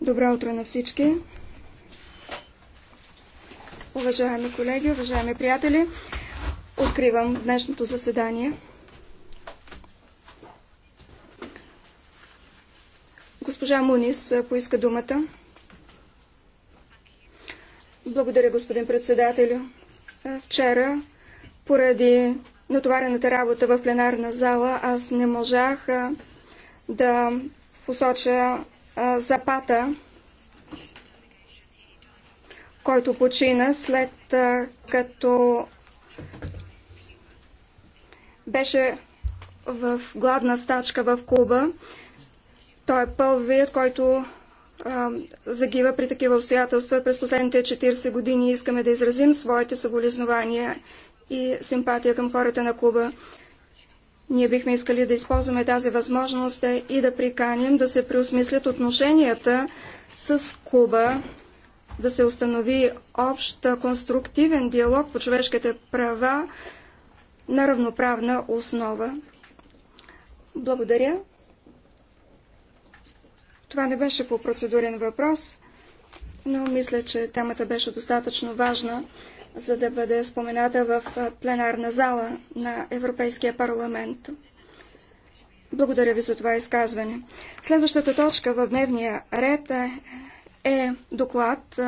Добро утро на всички! Уважаеми колеги, уважаеми приятели, откривам днешното заседание. Госпожа Мунис поиска думата. Благодаря, господин председателю. Вчера, поради натоварената работа в пленарна зала, аз не можах да посоча Запата, който почина след като беше в гладна стачка в Куба. Той е пълвият, който а, загива при такива обстоятелства. През последните 40 години искаме да изразим своите съболезнования и симпатия към хората на Куба. Ние бихме искали да използваме тази възможност и да приканим да се преосмислят отношенията с Куба, да се установи общ конструктивен диалог по човешките права на равноправна основа. Благодаря. Това не беше по процедурен въпрос, но мисля, че темата беше достатъчно важна за да бъде спомената в пленарна зала на Европейския парламент. Благодаря ви за това изказване. Следващата точка в дневния ред е доклад